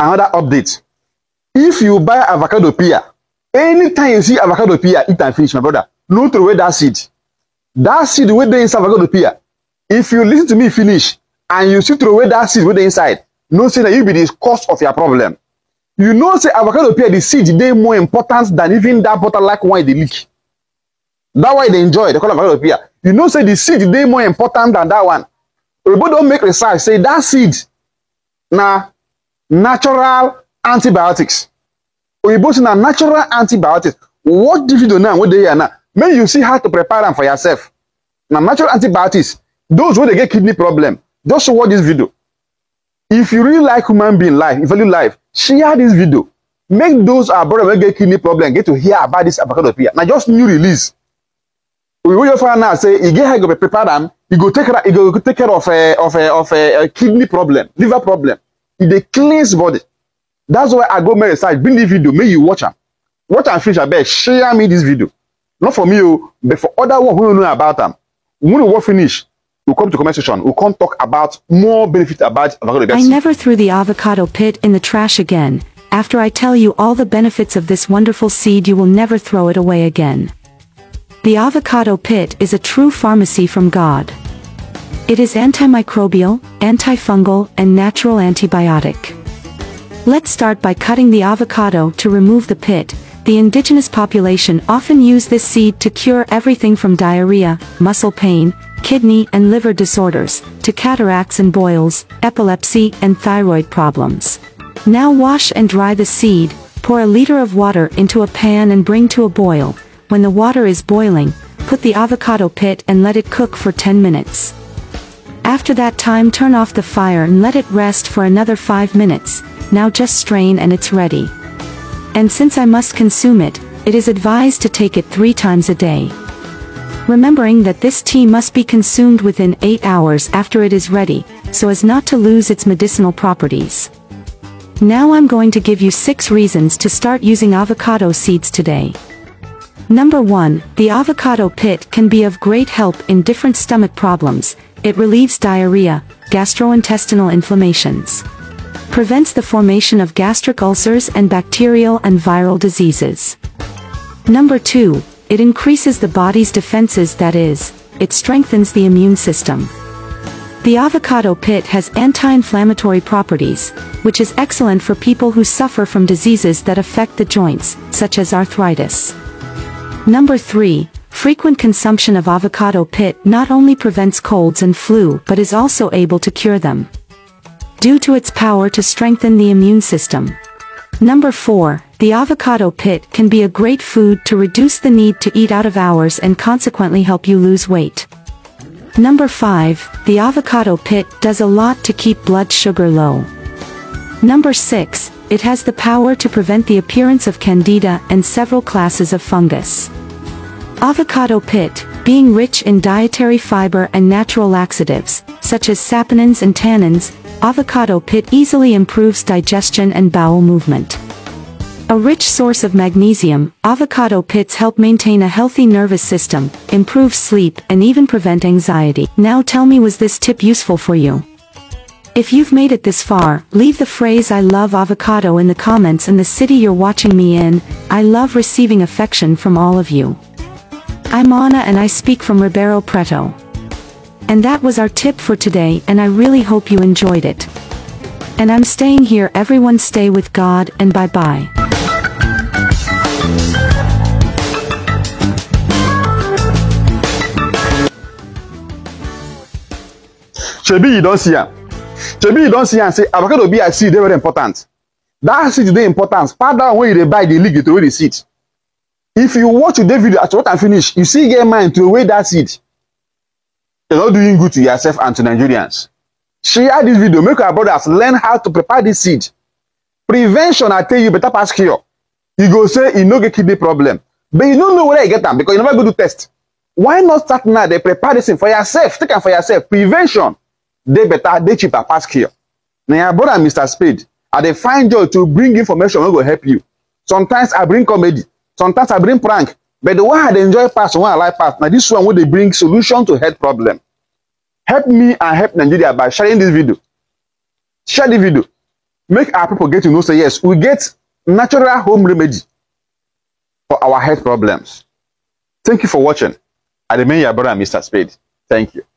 another update if you buy avocado pear anytime you see avocado pear eat am finish my brother no throw away that seed that seed wey dey inside avocado pear if you lis ten to me finish and you still throw away that seed wey dey inside know say na you be the cause of your problem you know say avocado pear the seed dey more important than even that butter like one e dey leak that one e dey enjoy they call avocado pear you know say the seed dey more important than that one oyibo don make research say that seed na natural antibiotics oyibo say na natural antibiotics what the video now wey dey here now make you see how to prepare am for yourself na natural antibiotics those wey dey get kidney problem just watch this video if you really like human being life value life share this video make those our brother wey get kidney problem get to hear about this avocado pear. na just new release oyibo just find out say e get how you e go prepare am e go take care e go take care of uh, of uh, of uh, kidney problem liver problem the cleans body that's why i go make side bring the video make you watch am watch and finish abeg share me this video not for me oh, but for other one don't know about them. when we finish we come to conversation. section we come talk about more benefit about avocado i never threw the avocado pit in the trash again after i tell you all the benefits of this wonderful seed you will never throw it away again. The avocado pit is a true pharmacy from God. It is antimicrobial, antifungal, and natural antibiotic. Let's start by cutting the avocado to remove the pit. The indigenous population often use this seed to cure everything from diarrhea, muscle pain, kidney and liver disorders, to cataracts and boils, epilepsy and thyroid problems. Now wash and dry the seed, pour a liter of water into a pan and bring to a boil. When the water is boiling, put the avocado pit and let it cook for 10 minutes. After that time turn off the fire and let it rest for another 5 minutes, now just strain and it's ready. And since I must consume it, it is advised to take it 3 times a day. Remembering that this tea must be consumed within 8 hours after it is ready, so as not to lose its medicinal properties. Now I'm going to give you 6 reasons to start using avocado seeds today. Number 1, the avocado pit can be of great help in different stomach problems, it relieves diarrhea, gastrointestinal inflammations. Prevents the formation of gastric ulcers and bacterial and viral diseases. Number 2. It increases the body's defenses that is, it strengthens the immune system. The avocado pit has anti-inflammatory properties, which is excellent for people who suffer from diseases that affect the joints, such as arthritis. Number 3. Frequent consumption of avocado pit not only prevents colds and flu but is also able to cure them. Due to its power to strengthen the immune system. Number 4, the avocado pit can be a great food to reduce the need to eat out of hours and consequently help you lose weight. Number 5, the avocado pit does a lot to keep blood sugar low. Number 6, it has the power to prevent the appearance of candida and several classes of fungus. Avocado pit, being rich in dietary fiber and natural laxatives, such as saponins and tannins, avocado pit easily improves digestion and bowel movement. A rich source of magnesium, avocado pits help maintain a healthy nervous system, improve sleep, and even prevent anxiety. Now tell me was this tip useful for you? If you've made it this far, leave the phrase I love avocado in the comments and the city you're watching me in, I love receiving affection from all of you. I'm Anna and I speak from Ribeiro Preto. And that was our tip for today and I really hope you enjoyed it. And I'm staying here everyone stay with God and bye bye. Chebi, you don't see am. Chebi, you don't see am say avocado be as seed dey very important. That seed very important. Part that one you buy the league, dey throw the seed. if you watch today video at what i finish you see get mind to weigh that seed you're not doing good to yourself and to nigerians share this video make our brothers learn how to prepare this seed prevention i tell you better pass cure you go say e no get kidney problem but you no know whether you get am because you never go do test why not start now dey prepare this thing for yourself take am for yourself prevention dey better dey cheaper pass cure na your brother mr spade i dey find joy to bring information wey go help you sometimes i bring comedy sometimes i bring prank but the one i enjoy pass the one i like pass Now this one where they bring solution to health problem help me and help nigeria by sharing this video share the video make our people get to know say yes we get natural home remedy for our health problems thank you for watching i remain your brother mr spade thank you